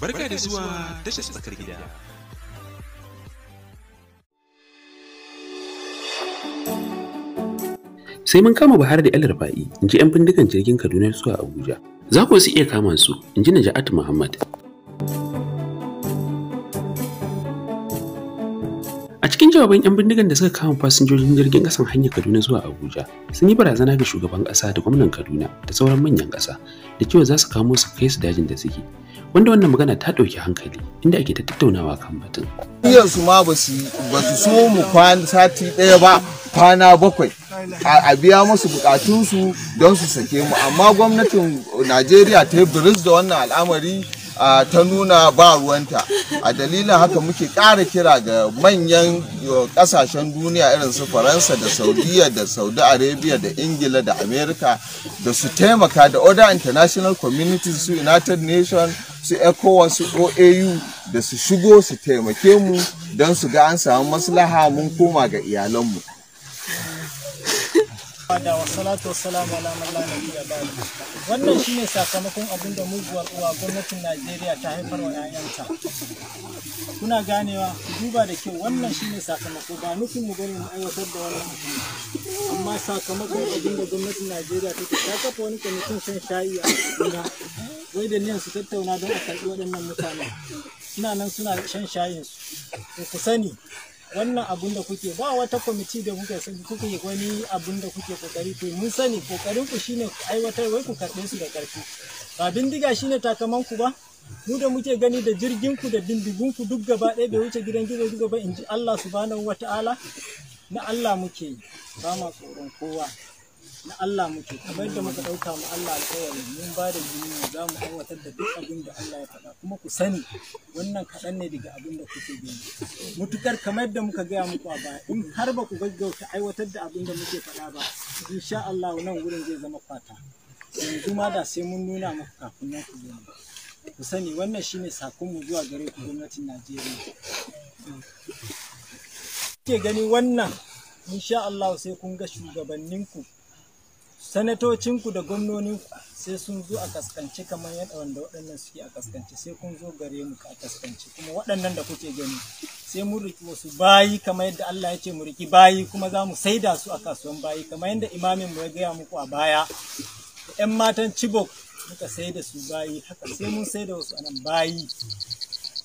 Barka da zuwa tashar tsakar gida. Sai mun kama Buhari da ‘yan rufa'i, in ji ‘yan bindigan jirgin Kaduna zuwa Abuja. Za ku su iya kama su, in ji Naja'atu Muhammad. A cikin jawaban 'yan bindigan da suka kama fasinjojin jirgin kasan hanya kaduna zuwa abuja sun yi barazana ga shugaban kasa da gwamnan kaduna da sauran manyan kasa da cewa za su kamo su kai su dajin da suke wanda wannan magana ta ɗauki hankali inda ake ta tattaunawa kan batun. su ma ba su so mu kwana sati ɗaya ba kwana bakwai a biya musu bukatunsu don su sake mu amma gwamnatin najeriya ta yi biris da wannan al'amari ta nuna ba ruwanta a dalilin haka muke ƙara kira ga manyan ƙasashen duniya irin su faransa da saudiya da saudi arabia da ingila da Amerika da su taimaka da other international community su united nations su ECOWAS wasu OAU da su shigo su taimake mu don su ga an samu maslaha mun koma ga iyalanmu. da wasalatu wasalamu ala wannan shine sakamakon abin da muguwar uwa gwamnatin Najeriya ta haifar wa 'ya'yanta kuna ganewa duba da kyau wannan shine sakamako ba nufin mu gani mu aiwatar da wannan abu amma sakamakon abin da gwamnatin Najeriya take ta kafa wani kwamitin shan shayi a gida wai da niyan su tattauna don a karɓi waɗannan mutane suna nan suna shan shayin su ku sani wannan abun da kuke ba wata kwamiti da kuke kuke wani abun da kuke kokari to mun sani kokarin ku shine ku aiwatar wai ku karɓe su da ƙarfi ba bindiga shine takamanku ba mu da muke gani da jirgin ku da bindigun ku duk gaba ɗaya bai wuce gidan gizo gizo ba in ji Allah subhanahu ta'ala na Allah muke ba ma tsoron kowa na Allah muke kamar yadda muka ɗauka mu Allah alƙawari mun ba da jini za mu aiwatar da duk abin da Allah ya faɗa kuma ku sani wannan kaɗan ne daga abin da kuke gani mutukar kamar yadda muka gaya muku a baya in har ba ku gaggauta aiwatar da abin da muke faɗa ba insha Allah nan wurin zai zama kwata yanzu ma da sai mun nuna muku kafin nan ku zo ku sani wannan shine sakonmu zuwa gare ku gwamnatin najeriya ke gani wannan insha Allah sai kun ga shugabanninku sanatocinku da gwamnoninku sai sun zo a kaskance kamar yadda wanda waɗannan suke a kaskance sai kun zo gare mu a kaskance kuma waɗannan da kuke gani sai mun riki wasu bayi kamar yadda Allah ya ce mu riki bayi kuma za mu saida su a kasuwan bayi kamar yadda imamin mu ya gaya muku a baya 'yan matan Chibok muka sai da su bayi haka sai mun sai da wasu anan bayi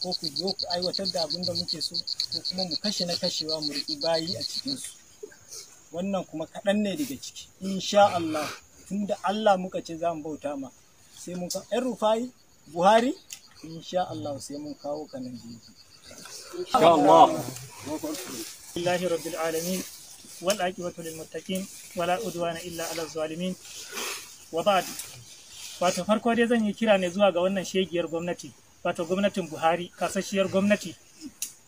ko ku zo ku aiwatar da abin da muke so ko kuma mu kashe na kashewa mu riƙi bayi a cikinsu wannan kuma kaɗan ne daga ciki insha Allah da Allah muka ce za mu bauta ma sai mun kawo rufai Buhari insha Allah sai mun kawo nan jeji insha Allah الله رب العالمين والعاقبة للمتقين ولا عدوان إلا wa wato farko dai zan yi kira ne zuwa ga wannan shegiyar gwamnati wato gwamnatin buhari kasashiyar gwamnati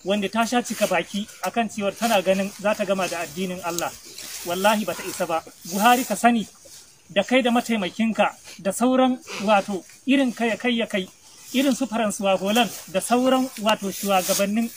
wanda ta sha cika baki a kan cewar tana ganin za ta gama da addinin allah wallahi ba ta isa ba buhari ka sani da kai da mataimakinka da sauran wato irin kai kai ya kai irin su faransuwa holan da sauran wato shugabannin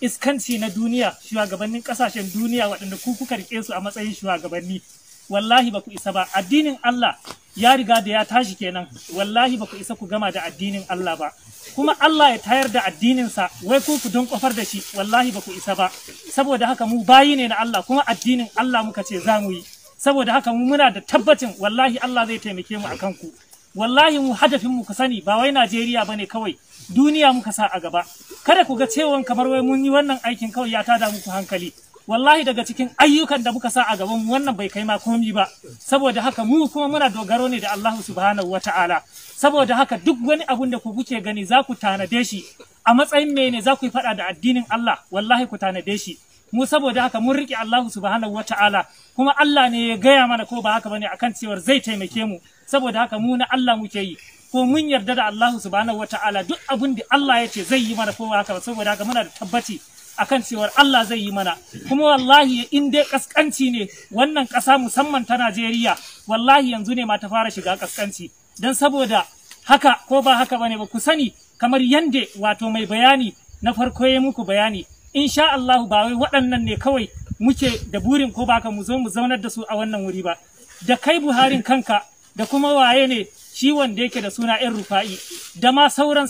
iskanci na duniya shugabannin kasashen duniya waɗanda ku kuka rike su a matsayin shugabanni wallahi ba ku isa ba addinin Allah ya riga da ya tashi kenan wallahi ba ku isa ku gama da addinin Allah ba kuma Allah ya tayar da addininsa wai ku ku don kofar da shi wallahi ba ku isa ba saboda haka mu bayi ne na Allah kuma addinin Allah muka ce za mu yi saboda haka mu muna da tabbacin wallahi Allah zai taimake mu akan ku wallahi mu hadafin mu ku sani ba wai Najeriya bane kawai duniya muka sa a gaba kada ku ga cewa kamar wai mun yi wannan aikin kawai ya tada muku hankali wallahi daga cikin ayyukan da muka sa a gaban wannan bai kai ma komi ba saboda haka mu kuma muna dogaro ne da Allah subhanahu wata'ala saboda haka duk wani abun da ku kuke gani za ku tanade shi a matsayin me ne za ku yi faɗa da addinin Allah wallahi ku tanade shi mu saboda haka mun riƙe Allah subhanahu wata'ala kuma Allah ne ya gaya mana ko ba haka bane akan cewar zai taimake mu saboda haka mu na Allah muke yi ko mun yarda da Allah subhanahu wata'ala duk abin da Allah ya ce zai yi mana ko haka saboda haka muna da tabbaci akan cewar Allah zai yi mana kuma wallahi in dai kaskanci ne wannan ƙasa musamman ta Najeriya wallahi yanzu ne ma ta fara shiga kaskanci dan saboda haka ko ba haka bane ba ku sani kamar yande wato mai bayani na farko ya muku bayani insha Allah ba wai waɗannan ne kawai muke da burin ko baka mu zo mu zaunar da su a wannan wuri ba da kai Buharin kanka da kuma waye ne shi wanda yake da suna 'yan rufa'i da ma sauran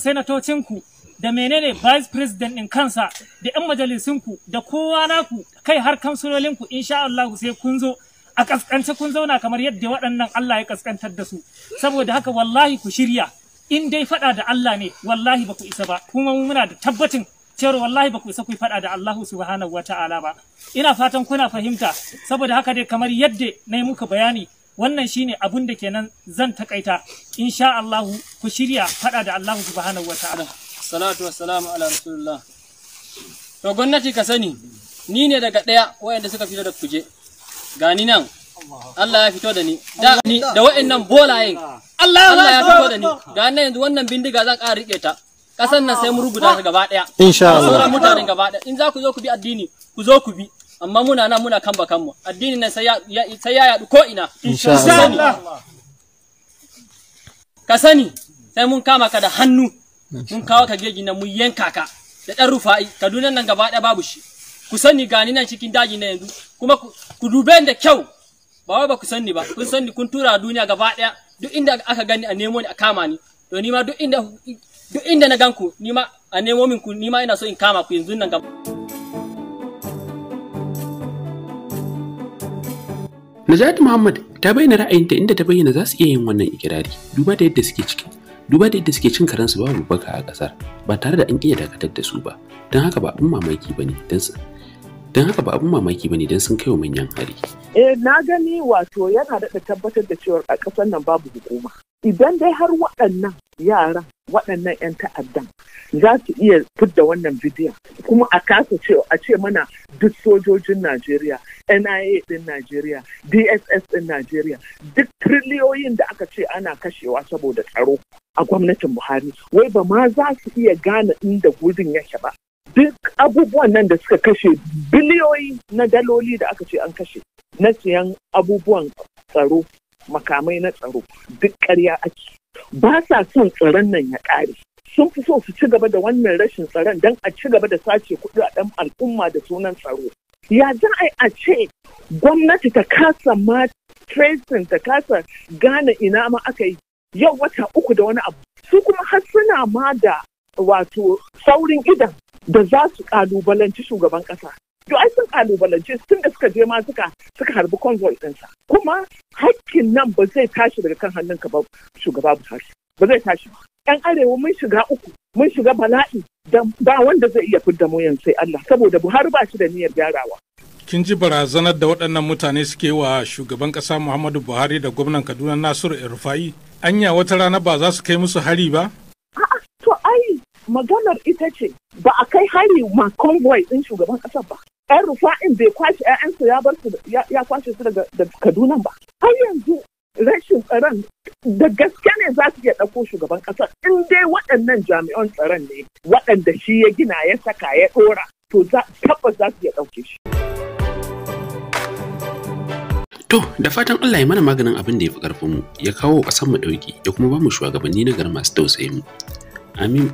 ku. da menene vice president din kansa da 'yan majalisinku da kowa naku kai har kansulolinku insha Allah sai kun zo a kaskance kun zauna kamar yadda waɗannan Allah ya kaskantar da su saboda haka wallahi ku shirya in dai faɗa da Allah ne wallahi ba ku isa ba kuma muna da tabbacin cewar wallahi ba ku isa ku faɗa da Allah subhanahu wa ta'ala ba ina fatan kuna fahimta saboda haka dai kamar yadda na yi muka bayani wannan shine abun da kenan zan takaita insha Allah ku shirya faɗa da Allah subhanahu wa ta'ala salatu wassalamu ala rasulullah to gwamnati ka sani ni ne daga ɗaya wayanda suka fito da kuje gani nan Allah ya fito da ni da ni da wayannan bolayen Allah ya fito da ni ga nan yanzu wannan bindiga zan ƙara rike ta ƙasar nan sai mu rubuta ta gaba ɗaya insha Allah sauran mutanen gaba ɗaya in za ku zo ku bi addini ku zo ku bi amma muna nan muna kan bakan mu Addini nan sai ya sai ya yadu ko ina insha Allah ka sani sai mun kama ka da hannu mun kawo ka gegi nan mun yanka ka da ɗan rufa'i kaduna nan gaba ɗaya babu shi ku sani gani nan cikin daji na yanzu kuma ku dube da kyau ba wai ba ku sani ba kun sani kun tura duniya gaba ɗaya duk inda aka gani a nemo ni a kama ni to ni ma duk inda duk inda na ganku ni ma a nemo min ku ni ma ina so in kama ku yanzu nan gaba Najat Muhammad ta bayyana ra'ayinta inda ta bayyana za su iya yin wannan ikirari duba da yadda suke ciki duba da yadda suke cin su babu baka a ƙasar ba tare da an iya dakatar da su ba don haka ba abin mamaki bane don don haka ba abun mamaki bane don sun kai wa manyan hari eh na gani wato yana daɗa tabbatar da cewa a ƙasar nan babu hukuma idan dai har waɗannan yaran waɗannan 'yan ta'addan za su iya fidda wannan bidiyon kuma a kasa cewa a ce mana duk sojojin Najeriya, NIA ɗin Najeriya, DSS din Najeriya, duk triliyoyin da aka ce ana kashewa saboda tsaro a gwamnatin Buhari wai ba ma za su iya gane inda gudun yake ba duk abubuwan nan da suka kashe biliyoyi na daloli da aka ce an kashe na siyan abubuwan tsaro makamai na tsaro duk karya ake ba sa son tsaron nan ya ƙare sun fi so su ci gaba da wannan rashin tsaron don a ci gaba da sace kuɗi a ɗan al'umma da sunan tsaro ya za a ce gwamnati ta kasa ma tracing ta kasa gane ina ma aka yi yau wata uku da wani abu su kuma har suna ma da wato saurin idan da za su kalubalanci shugaban kasa to ai sun kalubalanci tun da suka je ma suka suka harbi convoy ɗinsa kuma hakkin nan ba zai tashi daga kan ka ba shugaba Buhari ba zai tashi ba yan arewa mun shiga uku mun shiga bala'i da ba wanda zai iya fidda mu yanzu sai Allah saboda Buhari ba shi da niyyar gyarawa kin ji barazanar da waɗannan mutane suke wa shugaban ƙasa Muhammadu Buhari da gwamnan Kaduna Nasiru Erfa'i anya wata rana ba za su kai musu hari ba? A'a, to ai maganar ita ce ba a kai hari ma convoy din shugaban ƙasar ba. ‘Yan rufa'in bai kwashe 'ya'yansa ya bar su ya kwashe su daga Kaduna ba. Har yanzu rashin tsaron da gaske ne za su iya ɗauko shugaban ƙasar. In dai waɗannan jami'an tsaron ne waɗanda shi ya gina ya saka ya ɗora to tabbas za su iya ɗauke shi. To, da fatan Allah ya mana maganin abin da ya fi mu ya kawo ƙasar mu ɗauki, ya kuma ba mu shugabanni na garin masu tausayin mu. Amin.